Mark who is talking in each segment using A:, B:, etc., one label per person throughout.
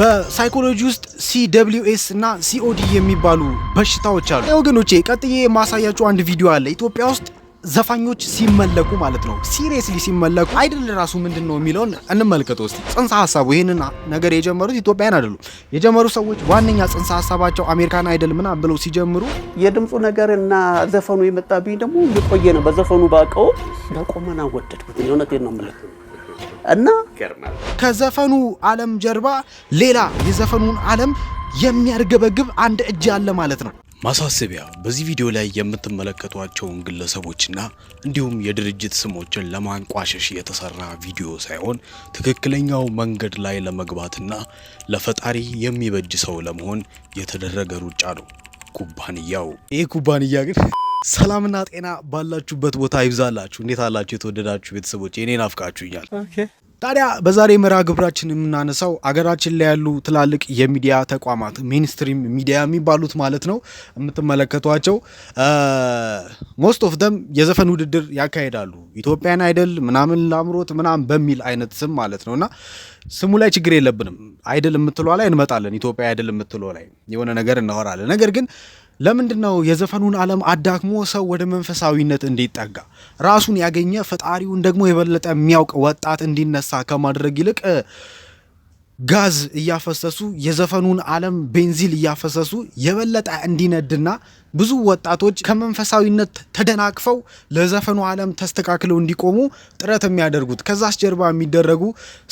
A: በሳይኮሎጂ ውስጥ ሲደብሊውኤስ እና ሲኦዲ የሚባሉ በሽታዎች አሉ። ወገኖቼ ቀጥዬ የማሳያቸው አንድ ቪዲዮ አለ ኢትዮጵያ ውስጥ ዘፋኞች ሲመለኩ ማለት ነው። ሲሪየስሊ ሲመለኩ አይድል ራሱ ምንድን ነው የሚለውን እንመልከት ውስጥ ጽንሰ ሀሳቡ ይህንን ነገር የጀመሩት ኢትዮጵያን አይደሉም። የጀመሩ ሰዎች ዋነኛ ጽንሰ ሀሳባቸው አሜሪካን አይደል ምናምን ብለው ሲጀምሩ
B: የድምፁ ነገር እና ዘፈኑ የመጣብኝ ደግሞ የቆየ ነው። በዘፈኑ ባቀው በቆመና ወደድኩት የሆነ ነው ምልክ እና
A: ከዘፈኑ ዓለም ጀርባ ሌላ የዘፈኑን ዓለም የሚያርገበግብ አንድ እጅ አለ ማለት ነው። ማሳሰቢያ፣ በዚህ ቪዲዮ ላይ የምትመለከቷቸውን ግለሰቦችና እንዲሁም የድርጅት ስሞችን ለማንቋሸሽ የተሰራ ቪዲዮ ሳይሆን ትክክለኛው መንገድ ላይ ለመግባትና ለፈጣሪ የሚበጅ ሰው ለመሆን የተደረገ ሩጫ ነው። ኩባንያው ይህ ኩባንያ ግን ሰላምና ጤና ባላችሁበት ቦታ ይብዛላችሁ። እንዴት አላችሁ የተወደዳችሁ ቤተሰቦች? እኔ ናፍቃችሁኛል። ታዲያ በዛሬ መርሃ ግብራችን የምናነሳው አገራችን ላይ ያሉ ትላልቅ የሚዲያ ተቋማት ሜንስትሪም ሚዲያ የሚባሉት ማለት ነው የምትመለከቷቸው ሞስት ኦፍ ደም የዘፈን ውድድር ያካሄዳሉ። ኢትዮጵያን አይደል ምናምን ላምሮት ምናምን በሚል አይነት ስም ማለት ነው እና ስሙ ላይ ችግር የለብንም። አይደል የምትሏ ላይ እንመጣለን። ኢትዮጵያ አይደል የምትለ ላይ የሆነ ነገር እናወራለን። ነገር ግን ለምንድን ነው የዘፈኑን ዓለም አዳክሞ ሰው ወደ መንፈሳዊነት እንዲጠጋ ራሱን ያገኘ ፈጣሪውን ደግሞ የበለጠ የሚያውቅ ወጣት እንዲነሳ ከማድረግ ይልቅ ጋዝ እያፈሰሱ የዘፈኑን ዓለም ቤንዚል እያፈሰሱ የበለጠ እንዲነድና ብዙ ወጣቶች ከመንፈሳዊነት ተደናቅፈው ለዘፈኑ ዓለም ተስተካክለው እንዲቆሙ ጥረት የሚያደርጉት ከዛስ ጀርባ የሚደረጉ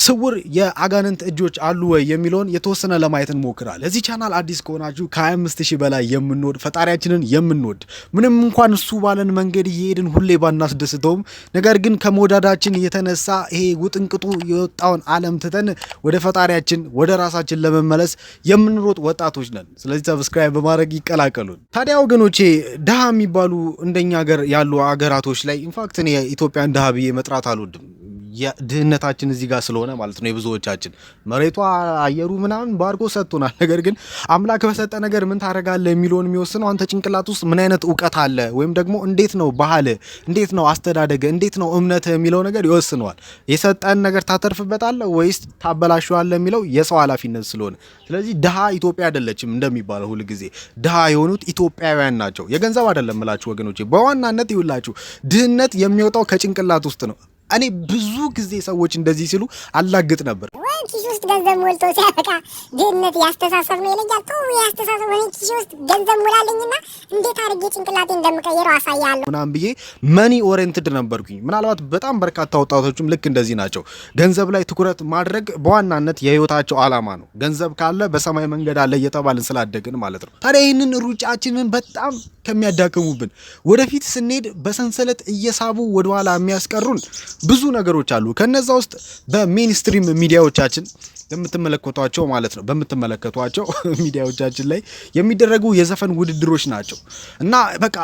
A: ስውር የአጋንንት እጆች አሉ ወይ የሚለውን የተወሰነ ለማየት እንሞክራለን። እዚህ ቻናል አዲስ ከሆናችሁ ከ25 ሺህ በላይ የምንወድ ፈጣሪያችንን የምንወድ ምንም እንኳን እሱ ባለን መንገድ እየሄድን ሁሌ ባናስደስተውም፣ ነገር ግን ከመወዳዳችን የተነሳ ይሄ ውጥንቅጡ የወጣውን ዓለም ትተን ወደ ፈጣሪያችን ወደ ራሳችን ለመመለስ የምንሮጥ ወጣቶች ነን። ስለዚህ ሰብስክራይብ በማድረግ ይቀላቀሉን። ታዲያው ወገኖቼ ድሃ የሚባሉ እንደኛ ሀገር ያሉ አገራቶች ላይ ኢንፋክት እኔ ኢትዮጵያን ድሃ ብዬ መጥራት አልወድም። ድህነታችን እዚህ ጋር ስለሆነ ማለት ነው። የብዙዎቻችን መሬቷ፣ አየሩ ምናምን ባርጎ ሰጥቶናል። ነገር ግን አምላክ በሰጠ ነገር ምን ታደርጋለህ የሚለውን የሚወስነው አንተ ጭንቅላት ውስጥ ምን አይነት እውቀት አለ ወይም ደግሞ እንዴት ነው ባህል፣ እንዴት ነው አስተዳደግ፣ እንዴት ነው እምነት የሚለው ነገር ይወስነዋል። የሰጠን ነገር ታተርፍበታለ ወይስ ታበላሸዋለ የሚለው የሰው ኃላፊነት ስለሆነ ስለዚህ ድሃ ኢትዮጵያ አይደለችም እንደሚባለው ሁል ጊዜ ድሃ የሆኑት ኢትዮጵያውያን ናቸው። የገንዘብ አይደለም እላችሁ ወገኖች በዋናነት ይውላችሁ ድህነት የሚወጣው ከጭንቅላት ውስጥ ነው። እኔ ብዙ ጊዜ ሰዎች እንደዚህ ሲሉ አላግጥ ነበር።
B: ወይ ኪሽ ውስጥ ገንዘብ ሞልቶ ሲያበቃ ድህነት ያስተሳሰብ ነው ይለኛል። ቶ ያስተሳሰብ ወይ ኪሽ ውስጥ ገንዘብ ሞላለኝና እንዴት አድርጌ ጭንቅላቴ እንደምቀይረው አሳያለሁ
A: ምናምን ብዬ መኒ ኦሪየንትድ ነበርኩኝ። ምናልባት በጣም በርካታ ወጣቶችም ልክ እንደዚህ ናቸው። ገንዘብ ላይ ትኩረት ማድረግ በዋናነት የህይወታቸው አላማ ነው። ገንዘብ ካለ በሰማይ መንገድ አለ እየተባልን ስላደግን ማለት ነው። ታዲያ ይህንን ሩጫችንን በጣም ከሚያዳክሙብን ወደፊት ስንሄድ በሰንሰለት እየሳቡ ወደኋላ የሚያስቀሩን ብዙ ነገሮች አሉ። ከነዛ ውስጥ በሜንስትሪም ሚዲያዎቻችን የምትመለከቷቸው ማለት ነው በምትመለከቷቸው ሚዲያዎቻችን ላይ የሚደረጉ የዘፈን ውድድሮች ናቸው እና በቃ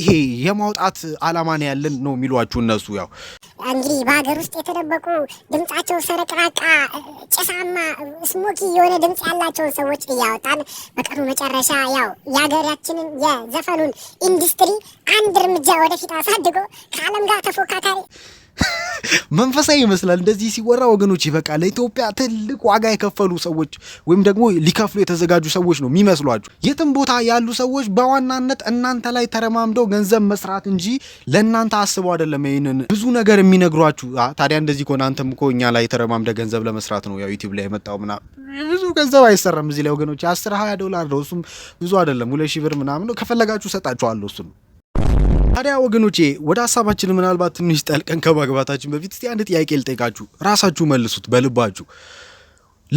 A: ይሄ የማውጣት አላማ ነው ያለን ነው የሚሏችሁ እነሱ። ያው
B: እንግዲህ በሀገር ውስጥ የተደበቁ ድምጻቸው ሰረቅራቃ ጭሳማ ስሞኪ የሆነ ድምጽ ያላቸውን ሰዎች እያወጣን በቀኑ መጨረሻ ያው የሀገራችንን የዘፈኑን ኢንዱስትሪ አንድ እርምጃ ወደፊት አሳድጎ ከዓለም ጋር ተፎካካሪ
A: መንፈሳዊ ይመስላል እንደዚህ ሲወራ ወገኖች። ይበቃል። ለኢትዮጵያ ትልቅ ዋጋ የከፈሉ ሰዎች ወይም ደግሞ ሊከፍሉ የተዘጋጁ ሰዎች ነው የሚመስሏችሁ። የትም ቦታ ያሉ ሰዎች በዋናነት እናንተ ላይ ተረማምደው ገንዘብ መስራት እንጂ ለእናንተ አስበው አይደለም። ይህንን ብዙ ነገር የሚነግሯችሁ ታዲያ እንደዚህ ከሆነ አንተም እኮ እኛ ላይ ተረማምደ ገንዘብ ለመስራት ነው ያው ዩቲዩብ ላይ የመጣው ምና ብዙ ገንዘብ አይሰራም እዚህ ላይ ወገኖች፣ አስር ሀያ ዶላር ነው እሱም ብዙ አይደለም። ሁለት ሺህ ብር ምናምን ነው። ከፈለጋችሁ ሰጣችኋለሁ እሱ ነው ታዲያ ወገኖቼ ወደ ሀሳባችን ምናልባት ትንሽ ጠልቀን ከማግባታችን በፊት እስቲ አንድ ጥያቄ ልጠይቃችሁ፣ ራሳችሁ መልሱት በልባችሁ።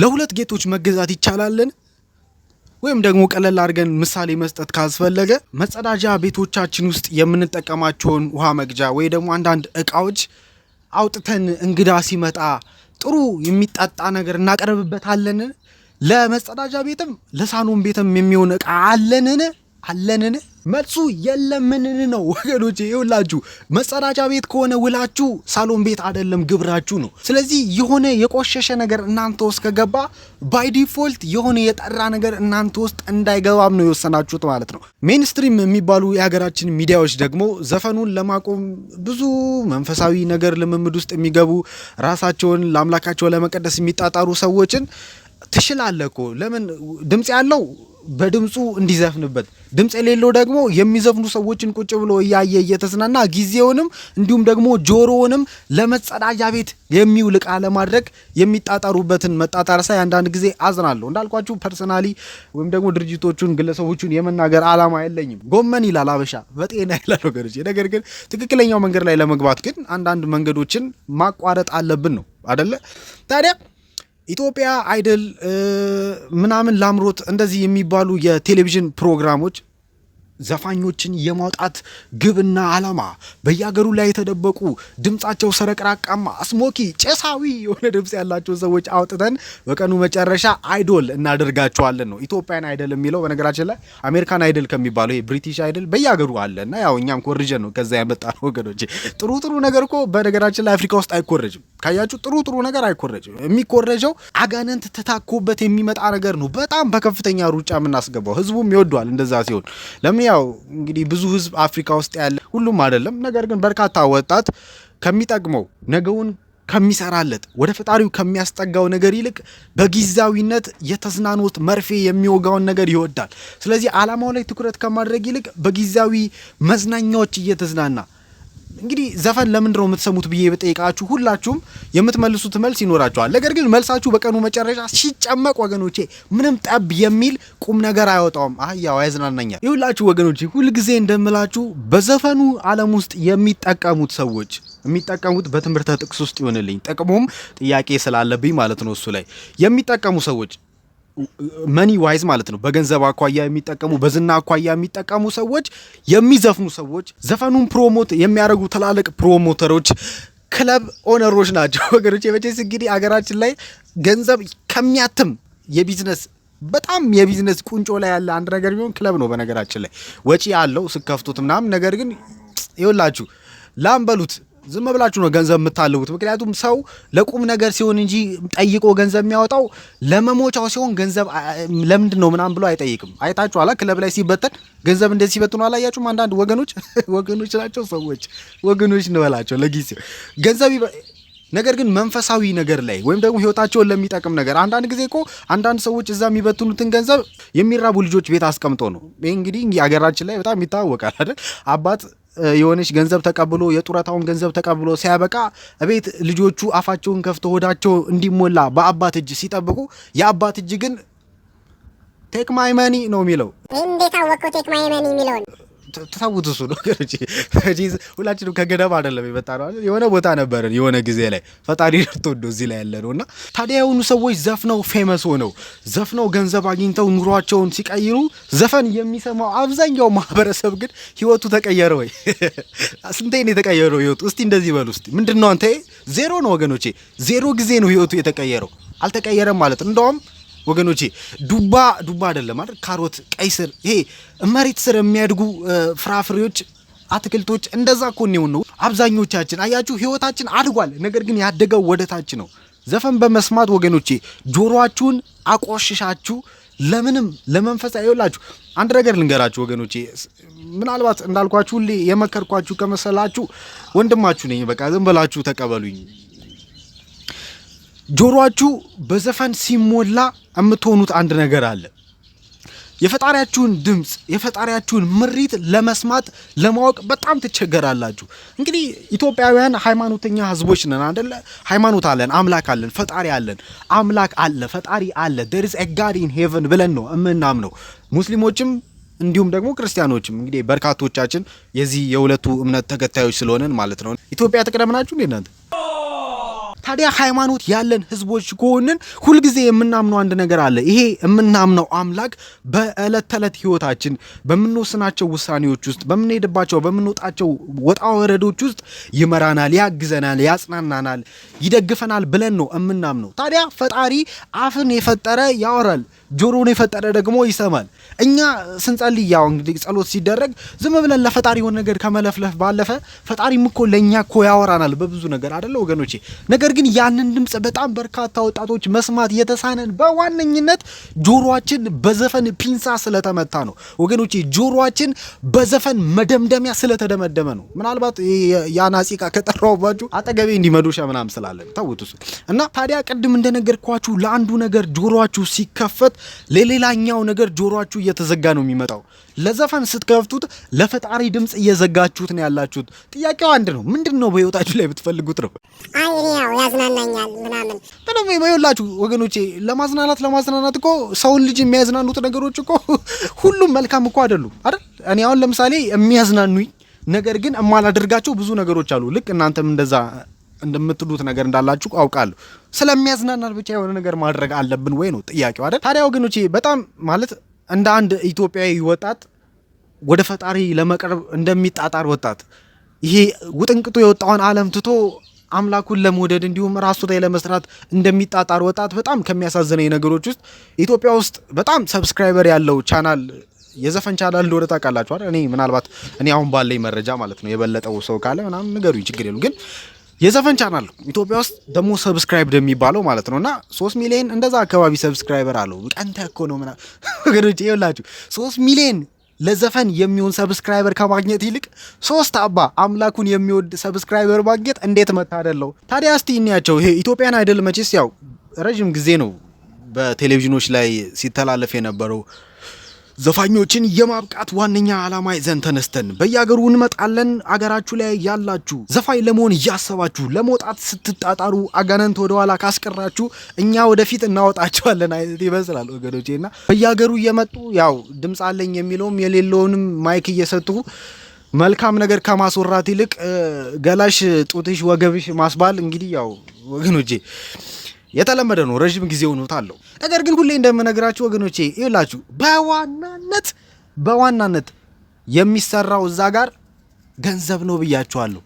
A: ለሁለት ጌቶች መገዛት ይቻላልን? ወይም ደግሞ ቀለል አድርገን ምሳሌ መስጠት ካስፈለገ መጸዳጃ ቤቶቻችን ውስጥ የምንጠቀማቸውን ውሃ መግጃ ወይ ደግሞ አንዳንድ እቃዎች አውጥተን እንግዳ ሲመጣ ጥሩ የሚጠጣ ነገር እናቀርብበታለን። ለመጸዳጃ ቤትም ለሳሎን ቤትም የሚሆን እቃ አለንን አለንን? መልሱ የለምንን ነው ወገኖቼ። ይውላችሁ መጸዳጃ ቤት ከሆነ ውላችሁ ሳሎን ቤት አይደለም ግብራችሁ ነው። ስለዚህ የሆነ የቆሸሸ ነገር እናንተ ውስጥ ከገባ ባይ ዲፎልት የሆነ የጠራ ነገር እናንተ ውስጥ እንዳይገባም ነው የወሰናችሁት ማለት ነው። ሜንስትሪም የሚባሉ የሀገራችን ሚዲያዎች ደግሞ ዘፈኑን ለማቆም ብዙ መንፈሳዊ ነገር ልምምድ ውስጥ የሚገቡ ራሳቸውን ለአምላካቸው ለመቀደስ የሚጣጣሩ ሰዎችን ትችላለህ እኮ ለምን ድምፅ ያለው በድምፁ እንዲዘፍንበት ድምፅ የሌለው ደግሞ የሚዘፍኑ ሰዎችን ቁጭ ብሎ እያየ እየተዝናና ጊዜውንም እንዲሁም ደግሞ ጆሮውንም ለመጸዳጃ ቤት የሚውል ዕቃ ለማድረግ የሚጣጣሩበትን መጣጣር ሳይ አንዳንድ ጊዜ አዝናለሁ። እንዳልኳችሁ ፐርሰናሊ ወይም ደግሞ ድርጅቶቹን ግለሰቦቹን የመናገር ዓላማ የለኝም። ጎመን ይላል አበሻ በጤና ይላል ወገኖች። ነገር ግን ትክክለኛው መንገድ ላይ ለመግባት ግን አንዳንድ መንገዶችን ማቋረጥ አለብን ነው አደለ ታዲያ ኢትዮጵያ አይደል ምናምን ላምሮት እንደዚህ የሚባሉ የቴሌቪዥን ፕሮግራሞች ዘፋኞችን የማውጣት ግብና አላማ በየሀገሩ ላይ የተደበቁ ድምጻቸው ሰረቅራቃማ አስሞኪ ጭሳዊ የሆነ ድምፅ ያላቸው ሰዎች አውጥተን በቀኑ መጨረሻ አይዶል እናደርጋቸዋለን ነው ኢትዮጵያን አይደል የሚለው። በነገራችን ላይ አሜሪካን አይደል ከሚባለው ይሄ ብሪቲሽ አይደል በየሀገሩ አለና ያው እኛም ኮርጀን ነው ከዛ ያመጣ ነው ወገኖች። ጥሩ ጥሩ ነገር እኮ በነገራችን ላይ አፍሪካ ውስጥ አይኮረጅም። ካያችሁ ጥሩ ጥሩ ነገር አይኮረጅም። የሚኮረጀው አጋንንት ተታኮበት የሚመጣ ነገር ነው። በጣም በከፍተኛ ሩጫ የምናስገባው ህዝቡም ይወደዋል እንደዛ ሲሆን ለምን ያው እንግዲህ ብዙ ህዝብ አፍሪካ ውስጥ ያለ ሁሉም አይደለም፣ ነገር ግን በርካታ ወጣት ከሚጠቅመው ነገውን ከሚሰራለት ወደ ፈጣሪው ከሚያስጠጋው ነገር ይልቅ በጊዜያዊነት የተዝናኖት መርፌ የሚወጋውን ነገር ይወዳል። ስለዚህ አላማው ላይ ትኩረት ከማድረግ ይልቅ በጊዜያዊ መዝናኛዎች እየተዝናና እንግዲህ ዘፈን ለምንድነው ነው የምትሰሙት ብዬ በጠይቃችሁ ሁላችሁም የምትመልሱት መልስ ይኖራችኋል። ነገር ግን መልሳችሁ በቀኑ መጨረሻ ሲጨመቅ ወገኖቼ ምንም ጠብ የሚል ቁም ነገር አይወጣውም። አህያው ያዝናናኛል። ይሁላችሁ ወገኖቼ፣ ሁልጊዜ እንደምላችሁ በዘፈኑ ዓለም ውስጥ የሚጠቀሙት ሰዎች የሚጠቀሙት በትምህርተ ጥቅስ ውስጥ ይሆንልኝ ጥቅሙም ጥያቄ ስላለብኝ ማለት ነው እሱ ላይ የሚጠቀሙ ሰዎች መኒ ዋይዝ ማለት ነው። በገንዘብ አኳያ የሚጠቀሙ በዝና አኳያ የሚጠቀሙ ሰዎች፣ የሚዘፍኑ ሰዎች፣ ዘፈኑን ፕሮሞት የሚያደርጉ ትላልቅ ፕሮሞተሮች፣ ክለብ ኦነሮች ናቸው ወገኖች። የመቼስ እንግዲህ አገራችን ላይ ገንዘብ ከሚያትም የቢዝነስ በጣም የቢዝነስ ቁንጮ ላይ ያለ አንድ ነገር ቢሆን ክለብ ነው። በነገራችን ላይ ወጪ አለው ስከፍቱት ምናምን ነገር ግን ይውላችሁ ላምበሉት ዝም ብላችሁ ነው ገንዘብ የምታልቡት። ምክንያቱም ሰው ለቁም ነገር ሲሆን እንጂ ጠይቆ ገንዘብ የሚያወጣው ለመሞቻው ሲሆን ገንዘብ ለምንድን ነው ምናምን ብሎ አይጠይቅም። አይታችሁ አላ ክለብ ላይ ሲበተን ገንዘብ እንደዚህ ሲበትኑ አላያችሁም? አንዳንድ ወገኖች ወገኖች ናቸው ሰዎች ወገኖች እንበላቸው ለጊዜው ገንዘብ ነገር ግን መንፈሳዊ ነገር ላይ ወይም ደግሞ ህይወታቸውን ለሚጠቅም ነገር አንዳንድ ጊዜ እኮ አንዳንድ ሰዎች እዛ የሚበትኑትን ገንዘብ የሚራቡ ልጆች ቤት አስቀምጦ ነው። ይህ እንግዲህ ሀገራችን ላይ በጣም ይታወቃል አይደል አባት የሆነች ገንዘብ ተቀብሎ የጡረታውን ገንዘብ ተቀብሎ ሲያበቃ እቤት ልጆቹ አፋቸውን ከፍቶ ሆዳቸው እንዲሞላ በአባት እጅ ሲጠብቁ የአባት እጅ ግን ቴክ ማይ መኒ ነው የሚለው።
B: ይህ እንዴት አወቀው ቴክ ማይ መኒ የሚለውን?
A: ተታውትሱ ነው እንጂ ሁላችንም ከገደም አይደለም የመጣ ነው። የሆነ ቦታ ነበረን የሆነ ጊዜ ላይ ፈጣሪ ደርቶ ወዶ እዚህ ላይ ያለ ነው እና ታዲያ የሆኑ ሰዎች ዘፍነው ፌመስ ሆነው ዘፍነው ገንዘብ አግኝተው ኑሯቸውን ሲቀይሩ ዘፈን የሚሰማው አብዛኛው ማህበረሰብ ግን ህይወቱ ተቀየረ ወይ? ስንቴ የተቀየረው ህይወቱ? እስቲ እንደዚህ በሉ እስቲ ምንድን ነው አንተ ዜሮ ነው ወገኖቼ፣ ዜሮ ጊዜ ነው ህይወቱ የተቀየረው። አልተቀየረም ማለት እንደውም ወገኖቼ ዱባ ዱባ አይደለም አይደል? ካሮት፣ ቀይ ስር፣ ይሄ መሬት ስር የሚያድጉ ፍራፍሬዎች፣ አትክልቶች እንደዛ እኮ ነው ነው። አብዛኞቻችን አያችሁ ህይወታችን አድጓል፣ ነገር ግን ያደገው ወደታች ነው። ዘፈን በመስማት ወገኖቼ ጆሮአችሁን አቆሽሻችሁ ለምንም ለመንፈስ አይወላችሁ። አንድ ነገር ልንገራችሁ ወገኖቼ፣ ምናልባት እንዳልኳችሁ ሁሌ የመከርኳችሁ ከመሰላችሁ ወንድማችሁ ነኝ። በቃ ዝም ብላችሁ ተቀበሉኝ። ጆሮአችሁ በዘፈን ሲሞላ የምትሆኑት አንድ ነገር አለ። የፈጣሪያችሁን ድምፅ የፈጣሪያችሁን ምሪት ለመስማት ለማወቅ በጣም ትቸገራላችሁ። እንግዲህ ኢትዮጵያውያን ሃይማኖተኛ ህዝቦች ነን አደለ? ሃይማኖት አለን፣ አምላክ አለን፣ ፈጣሪ አለን። አምላክ አለ፣ ፈጣሪ አለ፣ ደርስ ጋድ ኢን ሄቨን ብለን ነው እምናምነው ሙስሊሞችም እንዲሁም ደግሞ ክርስቲያኖችም እንግዲህ በርካቶቻችን የዚህ የሁለቱ እምነት ተከታዮች ስለሆነን ማለት ነው። ኢትዮጵያ ትቅደምናችሁ እንዴ እናንተ ታዲያ ሃይማኖት ያለን ህዝቦች ከሆንን ሁልጊዜ የምናምነው አንድ ነገር አለ። ይሄ የምናምነው አምላክ በዕለት ተዕለት ህይወታችን በምንወስናቸው ውሳኔዎች ውስጥ፣ በምንሄድባቸው በምንወጣቸው ወጣ ወረዶች ውስጥ ይመራናል፣ ያግዘናል፣ ያጽናናናል፣ ይደግፈናል ብለን ነው የምናምነው። ታዲያ ፈጣሪ አፍን የፈጠረ ያወራል ጆሮን የፈጠረ ደግሞ ይሰማል። እኛ ስንጸልይ ያው እንግዲህ ጸሎት ሲደረግ ዝም ብለን ለፈጣሪ የሆነ ነገር ከመለፍለፍ ባለፈ ፈጣሪም እኮ ለእኛ እኮ ያወራናል በብዙ ነገር አደለ ወገኖቼ? ነገር ግን ያንን ድምፅ በጣም በርካታ ወጣቶች መስማት የተሳነን በዋነኝነት ጆሮችን በዘፈን ፒንሳ ስለተመታ ነው ወገኖቼ። ጆሮችን በዘፈን መደምደሚያ ስለተደመደመ ነው። ምናልባት የአናጺቃ ከጠራውባችሁ አጠገቤ እንዲመዶሻ ምናምን ስላለን ተውት እሱ እና ታዲያ ቅድም እንደነገርኳችሁ ለአንዱ ነገር ጆሮችሁ ሲከፈት ማለት ለሌላኛው ነገር ጆሮአችሁ እየተዘጋ ነው የሚመጣው። ለዘፈን ስትከፍቱት ለፈጣሪ ድምፅ እየዘጋችሁት ነው ያላችሁት። ጥያቄው አንድ ነው፣ ምንድን ነው በህይወታችሁ ላይ ብትፈልጉት ነው?
B: ያዝናናኛል
A: ምናምን ይኸውላችሁ ወገኖቼ፣ ለማዝናናት ለማዝናናት እኮ ሰውን ልጅ የሚያዝናኑት ነገሮች እኮ ሁሉም መልካም እኮ አይደሉም አይደል? እኔ አሁን ለምሳሌ የሚያዝናኑኝ ነገር ግን የማላደርጋቸው ብዙ ነገሮች አሉ። ልክ እናንተም እንደዛ እንደምትሉት ነገር እንዳላችሁ አውቃለሁ። ስለሚያዝናናል ብቻ የሆነ ነገር ማድረግ አለብን ወይ ነው ጥያቄው አይደል? ታዲያ ወገኖች በጣም ማለት እንደ አንድ ኢትዮጵያዊ ወጣት ወደ ፈጣሪ ለመቅረብ እንደሚጣጣር ወጣት ይሄ ውጥንቅጡ የወጣውን ዓለም ትቶ አምላኩን ለመውደድ እንዲሁም ራሱ ላይ ለመስራት እንደሚጣጣር ወጣት በጣም ከሚያሳዝነኝ ነገሮች ውስጥ ኢትዮጵያ ውስጥ በጣም ሰብስክራይበር ያለው ቻናል የዘፈን ቻናል እንደሆነ ታውቃላችኋል። እኔ ምናልባት እኔ አሁን ባለኝ መረጃ ማለት ነው የበለጠው ሰው ካለ ምናምን ንገሩኝ፣ ችግር የለም ግን የዘፈን ቻናል ኢትዮጵያ ውስጥ ደግሞ ሰብስክራይብ የሚባለው ማለት ነው እና ሶስት ሚሊዮን እንደዛ አካባቢ ሰብስክራይበር አለው። ቀንተ እኮ ነው ወገኖች ይኸውላችሁ ሶስት ሚሊዮን ለዘፈን የሚሆን ሰብስክራይበር ከማግኘት ይልቅ ሶስት አባ አምላኩን የሚወድ ሰብስክራይበር ማግኘት እንዴት መታደለው። ታዲያ እስቲ እንያቸው። ይሄ ኢትዮጵያን አይደል መቼስ ያው ረዥም ጊዜ ነው በቴሌቪዥኖች ላይ ሲተላለፍ የነበረው ዘፋኞችን የማብቃት ዋነኛ ዓላማ ይዘን ተነስተን በየአገሩ እንመጣለን። አገራችሁ ላይ ያላችሁ ዘፋኝ ለመሆን እያሰባችሁ ለመውጣት ስትጣጣሩ አጋነንት ወደኋላ ካስቀራችሁ እኛ ወደፊት እናወጣቸዋለን አይነት ይመስላል ወገኖቼ። እና በየአገሩ እየመጡ ያው ድምፅ አለኝ የሚለውም የሌለውንም ማይክ እየሰጡ መልካም ነገር ከማስወራት ይልቅ ገላሽ ጡትሽ ወገብሽ ማስባል እንግዲህ ያው ወገኖቼ የተለመደ ነው፣ ረዥም ጊዜ ሆኖት አለው። ነገር ግን ሁሌ እንደምነግራችሁ ወገኖቼ ይላችሁ በዋናነት በዋናነት የሚሰራው እዛ ጋር ገንዘብ ነው ብያችኋለሁ።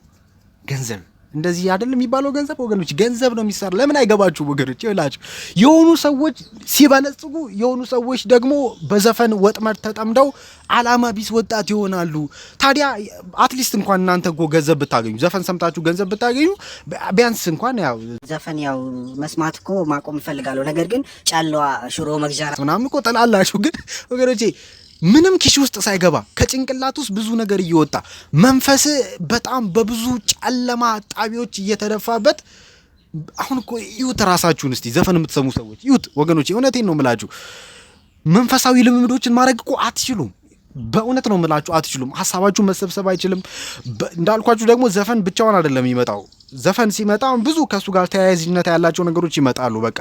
A: ገንዘብ እንደዚህ አይደል የሚባለው ገንዘብ ወገኖች፣ ገንዘብ ነው የሚሰራ። ለምን አይገባችሁ ወገኖች? ይላችሁ የሆኑ ሰዎች ሲበለጽጉ፣ የሆኑ ሰዎች ደግሞ በዘፈን ወጥመድ ተጠምደው አላማ ቢስ ወጣት ይሆናሉ። ታዲያ አትሊስት እንኳን እናንተ እኮ ገንዘብ ብታገኙ፣ ዘፈን ሰምታችሁ ገንዘብ ብታገኙ ቢያንስ እንኳን ያው
B: ዘፈን ያው መስማት እኮ ማቆም እፈልጋለሁ፣ ነገር ግን ጫለዋ ሽሮ መግዣ
A: ምናምን እኮ ጠላላችሁ። ግን ወገኖቼ ምንም ኪሽ ውስጥ ሳይገባ ከጭንቅላት ውስጥ ብዙ ነገር እየወጣ መንፈስ በጣም በብዙ ጨለማ ጣቢዎች እየተደፋበት አሁን እኮ ይዩት ራሳችሁን እስቲ ዘፈን የምትሰሙ ሰዎች ይዩት ወገኖች፣ እውነቴን ነው የምላችሁ። መንፈሳዊ ልምምዶችን ማድረግ እኮ አትችሉም። በእውነት ነው የምላችሁ አትችሉም። ሀሳባችሁ መሰብሰብ አይችልም። እንዳልኳችሁ ደግሞ ዘፈን ብቻውን አይደለም የሚመጣው። ዘፈን ሲመጣ ብዙ ከእሱ ጋር ተያያዥነት ያላቸው ነገሮች ይመጣሉ። በቃ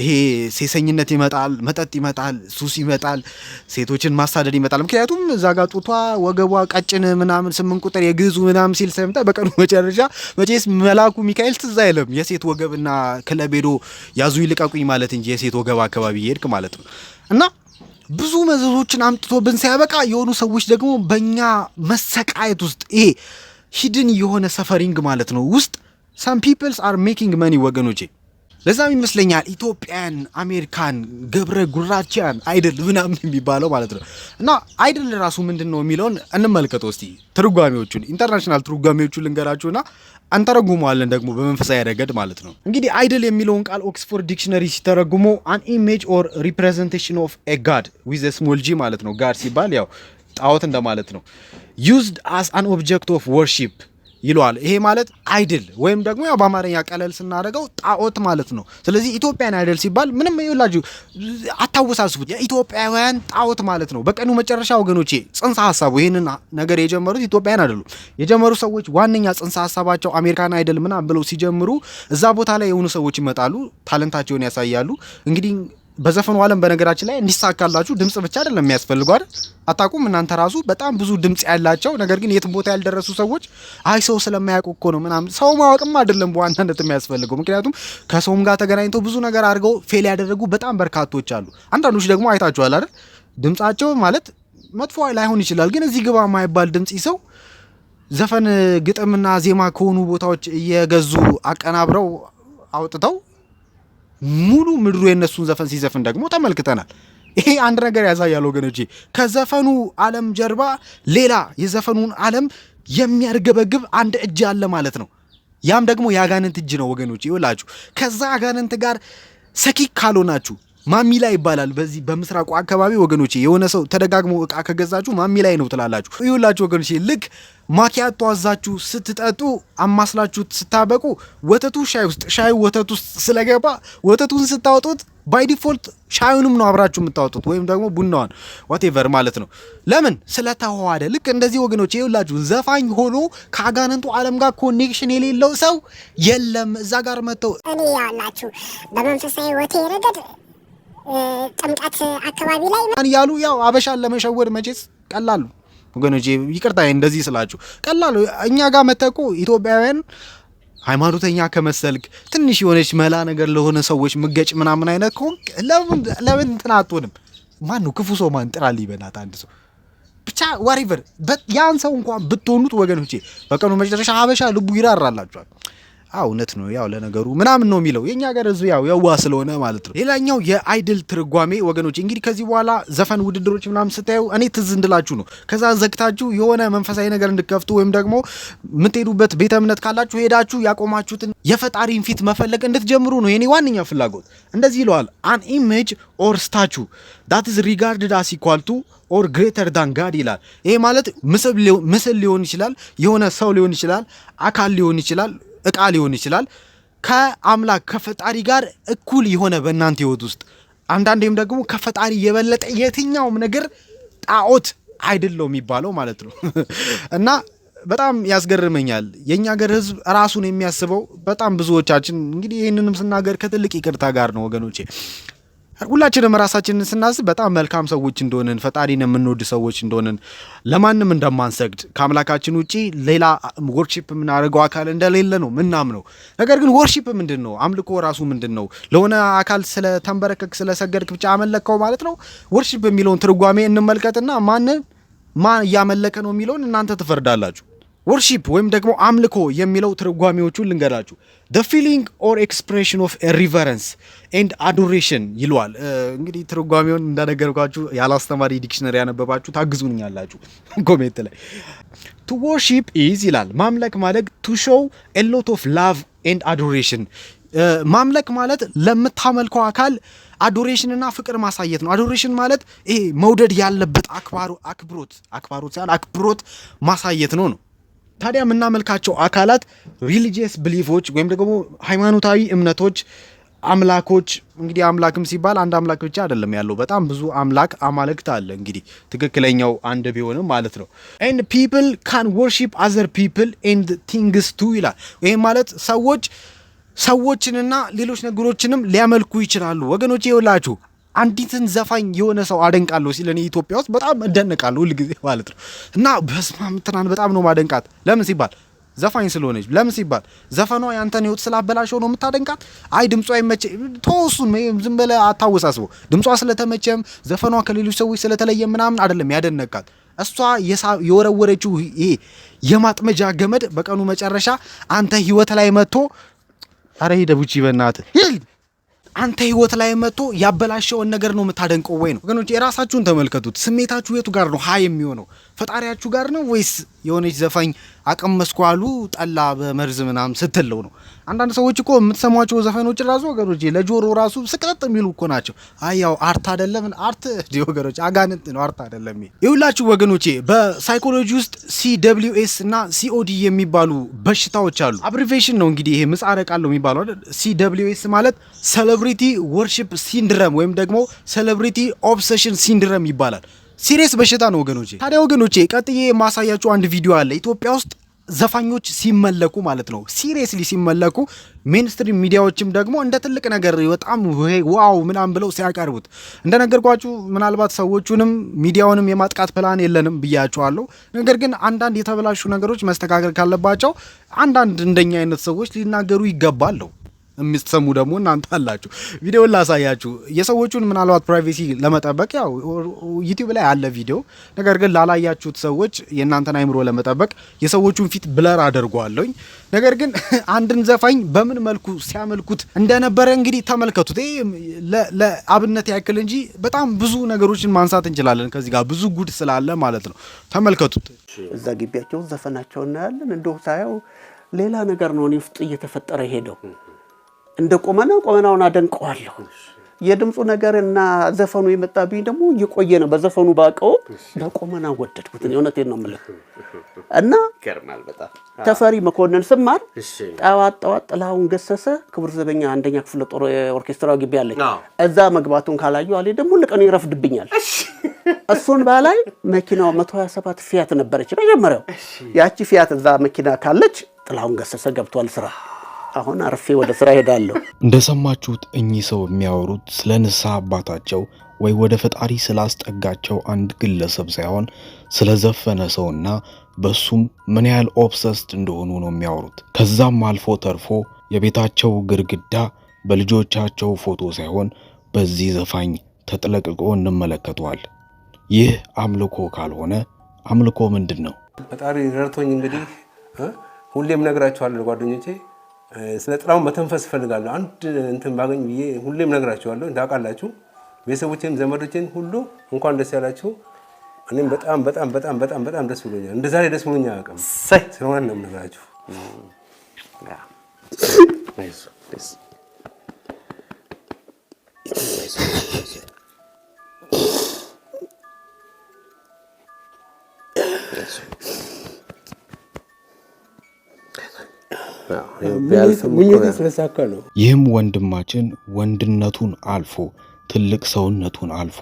A: ይሄ ሴሰኝነት ይመጣል፣ መጠጥ ይመጣል፣ ሱስ ይመጣል፣ ሴቶችን ማሳደድ ይመጣል። ምክንያቱም እዛ ጋ ጡቷ ወገቧ ቀጭን ምናምን ስምንት ቁጥር የግዙ ምናምን ሲል ሰምታ በቀኑ መጨረሻ መቼስ መላኩ ሚካኤል ትዝ አይለም የሴት ወገብና ክለብ ሄዶ ያዙ ይልቀቁኝ ማለት እንጂ የሴት ወገብ አካባቢ ይሄድክ ማለት ነው እና ብዙ መዘዞችን አምጥቶብን ሲያበቃ የሆኑ ሰዎች ደግሞ በእኛ መሰቃየት ውስጥ ይሄ ሂድን የሆነ ሰፈሪንግ ማለት ነው ውስጥ ሳም ፒፕልስ አር ሜኪንግ መኒ ወገኖቼ ለዛም ይመስለኛል ኢትዮጵያን አሜሪካን ገብረ ጉራቻን አይድል ምናምን የሚባለው ማለት ነው። እና አይድል ራሱ ምንድን ነው የሚለውን እንመልከተው እስቲ ትርጓሜዎቹን፣ ኢንተርናሽናል ትርጓሜዎቹን ልንገራችሁና እንተረጉመዋለን ደግሞ በመንፈሳዊ ረገድ ማለት ነው። እንግዲህ አይድል የሚለውን ቃል ኦክስፎርድ ዲክሽነሪ ሲተረጉሞ አን ኢሜጅ ኦር ሪፕሬዘንቴሽን ኦፍ ኤ ጋድ ዊዝ ስሞል ጂ ማለት ነው። ጋድ ሲባል ያው ጣዖት እንደማለት ነው። ዩዝድ አስ አን ኦብጀክት ኦፍ ወርሺፕ ይሏል። ይሄ ማለት አይድል ወይም ደግሞ ያው በአማርኛ ቀለል ስናደርገው ጣዖት ማለት ነው። ስለዚህ ኢትዮጵያን አይድል ሲባል ምንም ይላችሁ አታወሳስቡት፣ የኢትዮጵያውያን ጣዖት ማለት ነው። በቀኑ መጨረሻ ወገኖቼ ጽንሰ ሀሳቡ ይህንን ነገር የጀመሩት ኢትዮጵያን አይደሉም። የጀመሩ ሰዎች ዋነኛ ጽንሰ ሀሳባቸው አሜሪካን አይድል ምናምን ብለው ሲጀምሩ እዛ ቦታ ላይ የሆኑ ሰዎች ይመጣሉ፣ ታለንታቸውን ያሳያሉ እንግዲህ በዘፈኑ ዓለም በነገራችን ላይ እንዲሳካላችሁ ድምጽ ብቻ አይደለም የሚያስፈልገው አይደል? አታውቁም እናንተ ራሱ በጣም ብዙ ድምጽ ያላቸው ነገር ግን የትም ቦታ ያልደረሱ ሰዎች አይ ሰው ስለማያውቁ እኮ ነው ምናምን። ሰው ማወቅም አይደለም በዋናነት የሚያስፈልገው፣ ምክንያቱም ከሰውም ጋር ተገናኝተው ብዙ ነገር አድርገው ፌል ያደረጉ በጣም በርካቶች አሉ። አንዳንዶች ደግሞ አይታችኋል አይደል? ድምጻቸው ማለት መጥፎ ላይሆን ይችላል፣ ግን እዚህ ግባ የማይባል ድምጽ ይዘው ዘፈን ግጥምና ዜማ ከሆኑ ቦታዎች እየገዙ አቀናብረው አውጥተው ሙሉ ምድሩ የእነሱን ዘፈን ሲዘፍን ደግሞ ተመልክተናል። ይሄ አንድ ነገር ያሳያል ወገኖቼ፣ ከዘፈኑ ዓለም ጀርባ ሌላ የዘፈኑን ዓለም የሚያርገበግብ አንድ እጅ አለ ማለት ነው። ያም ደግሞ የአጋንንት እጅ ነው ወገኖቼ። ይውላችሁ ከዛ አጋንንት ጋር ሰኪክ ካልሆናችሁ ማሚላ ይባላል። በዚህ በምስራቁ አካባቢ ወገኖቼ የሆነ ሰው ተደጋግሞ እቃ ከገዛችሁ ማሚላይ ነው ትላላችሁ። ይሁላችሁ ወገኖቼ ልክ ማኪያቶ አዛችሁ ስትጠጡ አማስላችሁ ስታበቁ ወተቱ ሻይ ውስጥ ሻዩ ወተት ውስጥ ስለገባ ወተቱን ስታወጡት ባይ ዲፎልት ሻዩንም ነው አብራችሁ የምታወጡት ወይም ደግሞ ቡናዋን ዋቴቨር ማለት ነው። ለምን ስለተዋሃደ። ልክ እንደዚህ ወገኖች የሁላችሁ ዘፋኝ ሆኖ ከአጋንንቱ ዓለም ጋር ኮኔክሽን የሌለው ሰው የለም። እዛ ጋር መጥተው
B: እኔ ያላችሁ በመንፈሳዊ ወቴ ረገድ ጥምቀት አካባቢ ላይ
A: ያሉ ያው አበሻን ለመሸወድ መቼስ ቀላሉ ወገኖቼ ይቅርታ እንደዚህ ስላችሁ ቀላሉ እኛ ጋር መተቁ ኢትዮጵያውያን ሃይማኖተኛ ከመሰልክ ትንሽ የሆነች መላ ነገር ለሆነ ሰዎች ምገጭ ምናምን አይነት ከሆንክ ለምን እንትን አትሆንም? ማን ነው ክፉ ሰው ማን ጥራል ይበናት አንድ ሰው ብቻ ዋሪቨር ያን ሰው እንኳን ብትሆኑት ወገኖቼ በቀኑ መጨረሻ ሀበሻ ልቡ ይራራላችኋል። አዎ እውነት ነው። ያው ለነገሩ ምናምን ነው የሚለው የእኛ ሀገር ህዝብ ያው የዋ ስለሆነ ማለት ነው። ሌላኛው የአይድል ትርጓሜ ወገኖች እንግዲህ ከዚህ በኋላ ዘፈን ውድድሮች ምናምን ስታዩ እኔ ትዝ እንድላችሁ ነው። ከዛ ዘግታችሁ የሆነ መንፈሳዊ ነገር እንድከፍቱ ወይም ደግሞ የምትሄዱበት ቤተ እምነት ካላችሁ ሄዳችሁ ያቆማችሁትን የፈጣሪን ፊት መፈለግ እንድትጀምሩ ነው የኔ ዋነኛ ፍላጎት። እንደዚህ ይለዋል አን ኢሜጅ ኦር ስታቹ ዳት ኢዝ ሪጋርድድ አስ ኢኳል ቱ ኦር ግሬተር ዳን ጋድ ይላል። ይሄ ማለት ምስል ሊሆን ይችላል፣ የሆነ ሰው ሊሆን ይችላል፣ አካል ሊሆን ይችላል እቃ ሊሆን ይችላል ከአምላክ ከፈጣሪ ጋር እኩል የሆነ በእናንተ ህይወት ውስጥ አንዳንዴም ደግሞ ከፈጣሪ የበለጠ የትኛውም ነገር ጣዖት አይደለው የሚባለው ማለት ነው እና በጣም ያስገርመኛል። የእኛ ሀገር ህዝብ ራሱን የሚያስበው በጣም ብዙዎቻችን እንግዲህ ይህንንም ስናገር ከትልቅ ይቅርታ ጋር ነው ወገኖቼ ሁላችንም ራሳችንን ስናስብ በጣም መልካም ሰዎች እንደሆንን ፈጣሪን የምንወድ ሰዎች እንደሆንን ለማንም እንደማንሰግድ ከአምላካችን ውጪ ሌላ ወርሺፕ የምናደርገው አካል እንደሌለ ነው ምናምነው። ነገር ግን ወርሺፕ ምንድን ነው? አምልኮ ራሱ ምንድን ነው? ለሆነ አካል ስለተንበረከክ ስለሰገድክ ብቻ አመለከው ማለት ነው? ወርሺፕ የሚለውን ትርጓሜ እንመልከትና ማንን ማን እያመለከ ነው የሚለውን እናንተ ትፈርዳላችሁ። ወርሺፕ ወይም ደግሞ አምልኮ የሚለው ትርጓሜዎቹን ልንገራችሁ። ደ ፊሊንግ ኦር ኤክስፕሬሽን ኦፍ ሪቨረንስ ኤንድ አዶሬሽን ይለዋል። እንግዲህ ትርጓሜውን እንደነገርኳችሁ ያላስተማሪ ዲክሽነሪ ያነበባችሁ ታግዙኛላችሁ ኮሜንት ላይ። ቱ ወርሺፕ ኢዝ ይላል ማምለክ ማለት ቱ ሾው ኤ ሎት ኦፍ ላቭ ኤንድ አዶሬሽን ማምለክ ማለት ለምታመልከው አካል አዶሬሽንና ፍቅር ማሳየት ነው። አዶሬሽን ማለት ይሄ መውደድ ያለበት አክባሮት አክብሮት አክብሮት ሳይሆን አክብሮት ማሳየት ነው ነው ታዲያ የምናመልካቸው አካላት ሪሊጂየስ ብሊፎች ወይም ደግሞ ሃይማኖታዊ እምነቶች አምላኮች እንግዲህ አምላክም ሲባል አንድ አምላክ ብቻ አይደለም ያለው፣ በጣም ብዙ አምላክ አማልክት አለ። እንግዲህ ትክክለኛው አንድ ቢሆንም ማለት ነው። ኤንድ ፒፕል ካን ወርሺፕ አዘር ፒፕል ኤንድ ቲንግስ ቱ ይላል። ይህም ማለት ሰዎች ሰዎችንና ሌሎች ነገሮችንም ሊያመልኩ ይችላሉ። ወገኖች ይውላችሁ አንዲትን ዘፋኝ የሆነ ሰው አደንቃለሁ ሲል እኔ ኢትዮጵያ ውስጥ በጣም እደንቃለሁ ሁልጊዜ ማለት ነው። እና በስማ ምትናን በጣም ነው ማደንቃት። ለምን ሲባል ዘፋኝ ስለሆነች። ለምን ሲባል ዘፈኗ ያንተን ህይወት ስላበላሸው ነው የምታደንቃት? አይ ድምጿ ይመቸ ተወሱን ዝም በለ አታወሳስበው። ድምጿ ስለተመቸም ዘፈኗ ከሌሎች ሰዎች ስለተለየ ምናምን አይደለም ያደነቃት እሷ የወረወረችው ይሄ የማጥመጃ ገመድ በቀኑ መጨረሻ አንተ ህይወት ላይ መጥቶ አረ ሂደ ቡቺ ይል አንተ ህይወት ላይ መጥቶ ያበላሸውን ነገር ነው የምታደንቀው ወይ ነው ወገኖች? የራሳችሁን ተመልከቱት። ስሜታችሁ የቱ ጋር ነው ሀይ የሚሆነው? ፈጣሪያችሁ ጋር ነው ወይስ የሆነች ዘፋኝ አቅም መስኳሉ ጠላ በመርዝ ምናም ስትለው ነው። አንዳንድ ሰዎች እኮ የምትሰሟቸው ዘፈኖች ራሱ ወገኖች ለጆሮ ራሱ ስቅጥጥ የሚሉ እኮ ናቸው። አያው አርት አይደለም አርት ወገኖች፣ አጋንንት ነው አርት አደለም። ይሁላችሁ ወገኖቼ፣ በሳይኮሎጂ ውስጥ ሲ እና ሲኦዲ የሚባሉ በሽታዎች አሉ። አብሪቬሽን ነው እንግዲህ ይሄ ምጻረ ቃል ነው የሚባለው አይደል? ሲ ማለት ሴሌብሪቲ ወርሺፕ ሲንድረም ወይም ደግሞ ሴሌብሪቲ ኦብሴሽን ሲንድረም ይባላል። ሲሪየስ በሽታ ነው ወገኖቼ። ታዲያ ወገኖቼ ቀጥዬ የማሳያችሁ አንድ ቪዲዮ አለ ኢትዮጵያ ውስጥ ዘፋኞች ሲመለኩ ማለት ነው፣ ሲሪየስሊ ሲመለኩ ሜንስትሪም ሚዲያዎችም ደግሞ እንደ ትልቅ ነገር በጣም ዋው ምናምን ብለው ሲያቀርቡት እንደነገርኳችሁ ምናልባት ሰዎቹንም ሚዲያውንም የማጥቃት ፕላን የለንም ብያችኋለሁ። ነገር ግን አንዳንድ የተበላሹ ነገሮች መስተካከል ካለባቸው አንዳንድ እንደኛ አይነት ሰዎች ሊናገሩ ይገባል የምትሰሙ ደግሞ እናንተ አላችሁ። ቪዲዮን ላሳያችሁ። የሰዎቹን ምናልባት ፕራይቬሲ ለመጠበቅ ያው ዩቲዩብ ላይ አለ ቪዲዮ። ነገር ግን ላላያችሁት ሰዎች የእናንተን አይምሮ ለመጠበቅ የሰዎቹን ፊት ብለር አደርገዋለሁኝ። ነገር ግን አንድን ዘፋኝ በምን መልኩ ሲያመልኩት እንደነበረ እንግዲህ ተመልከቱት። ለአብነት ያክል እንጂ በጣም ብዙ ነገሮችን ማንሳት እንችላለን። ከዚህ ጋር ብዙ ጉድ ስላለ ማለት ነው። ተመልከቱት። እዛ ግቢያቸውን ዘፈናቸውን እናያለን። እንደው ሳየው ሌላ ነገር ነው ውስጥ እየተፈጠረ ሄደው እንደ ቆመና ቆመናውን አደንቀዋለሁ። የድምፁ ነገር እና ዘፈኑ የመጣብኝ ደግሞ እየቆየ ነው። በዘፈኑ ባቀው በቆመና ወደድኩት። እውነቴን ነው የምልህ። እና ተፈሪ መኮንን ስማር ጠዋት ጠዋት ጥላሁን ገሰሰ ክቡር ዘበኛ አንደኛ ክፍለ ጦር ኦርኬስትራ ግቢ አለኝ። እዛ መግባቱን ካላዩ አለ ደግሞ ልቀኑ ይረፍድብኛል። እሱን ባላይ መኪናው 127 ፊያት ነበረች መጀመሪያው። ያቺ ፊያት እዛ መኪና ካለች ጥላሁን ገሰሰ ገብቷል ስራ አሁን አርፌ ወደ ስራ ሄዳለሁ። እንደሰማችሁት እኚህ ሰው የሚያወሩት ስለ ንስሐ አባታቸው ወይ ወደ ፈጣሪ ስላስጠጋቸው አንድ ግለሰብ ሳይሆን ስለ ዘፈነ ሰውና በሱም ምን ያህል ኦብሰስድ እንደሆኑ ነው የሚያወሩት። ከዛም አልፎ ተርፎ የቤታቸው ግድግዳ በልጆቻቸው ፎቶ ሳይሆን በዚህ ዘፋኝ ተጥለቅቆ እንመለከተዋል። ይህ አምልኮ ካልሆነ አምልኮ ምንድን ነው? ፈጣሪ ረድቶኝ እንግዲህ ሁሌም ነግራችኋለሁ ጓደኞቼ ስለ ጥላሁን መተንፈስ እፈልጋለሁ። አንድ እንትን ባገኝ ብዬ ሁሌም ነግራችኋለሁ፣ ታውቃላችሁ፣ ቤተሰቦችን ዘመዶችን ሁሉ እንኳን ደስ ያላችሁ። እኔም በጣም በጣም በጣም በጣም በጣም ደስ ብሎኛል። እንደ ዛሬ ደስ ብሎኛል አያውቅም። ስለሆነ ነው የምነግራችሁ። ይህም ወንድማችን ወንድነቱን አልፎ ትልቅ ሰውነቱን አልፎ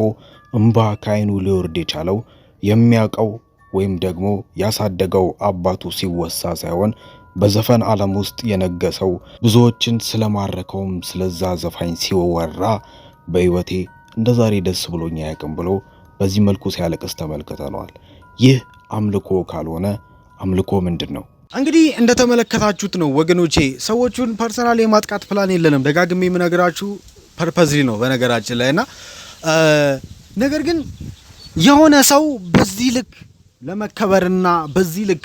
A: እምባ ከአይኑ ሊወርድ የቻለው የሚያውቀው ወይም ደግሞ ያሳደገው አባቱ ሲወሳ ሳይሆን በዘፈን ዓለም ውስጥ የነገሰው ብዙዎችን ስለማረከውም ስለዛ ዘፋኝ ሲወራ በሕይወቴ እንደ ዛሬ ደስ ብሎኝ አያውቅም ብሎ በዚህ መልኩ ሲያለቅስ ተመልክተነዋል። ይህ አምልኮ ካልሆነ አምልኮ ምንድን ነው? እንግዲህ እንደተመለከታችሁት ነው ወገኖቼ፣ ሰዎቹን ፐርሰናል የማጥቃት ፕላን የለንም። ደጋግሜ የምነግራችሁ ፐርፐዝሊ ነው በነገራችን ላይ እና ነገር ግን የሆነ ሰው በዚህ ልክ ለመከበርና በዚህ ልክ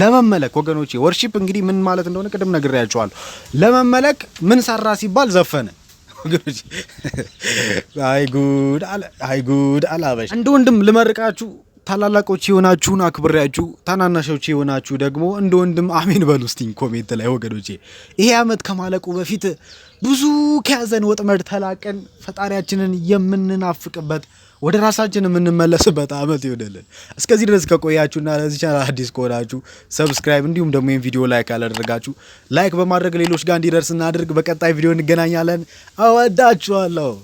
A: ለመመለክ ወገኖቼ፣ ወርሺፕ እንግዲህ ምን ማለት እንደሆነ ቅድም ነግሬያችኋለሁ። ለመመለክ ምን ሰራ ሲባል ዘፈነ። ወገኖቼ አይጉድ አለ አይጉድ አለ አበሽ እንደ ወንድም ልመርቃችሁ ታላላቆች የሆናችሁን አክብሬያችሁ ታናናሾች የሆናችሁ ደግሞ እንደ ወንድም አሜን በሉስቲኝ ኮሜንት ላይ ወገዶቼ። ይሄ ዓመት ከማለቁ በፊት ብዙ ከያዘን ወጥመድ ተላቀን ፈጣሪያችንን የምንናፍቅበት ወደ ራሳችን የምንመለስበት ዓመት ይሆንልን። እስከዚህ ድረስ ከቆያችሁና ለዚህ ቻናል አዲስ ከሆናችሁ ሰብስክራይብ፣ እንዲሁም ደግሞ ይህን ቪዲዮ ላይክ አላደረጋችሁ ላይክ በማድረግ ሌሎች ጋር እንዲደርስ እናድርግ። በቀጣይ ቪዲዮ እንገናኛለን። እወዳችኋለሁ።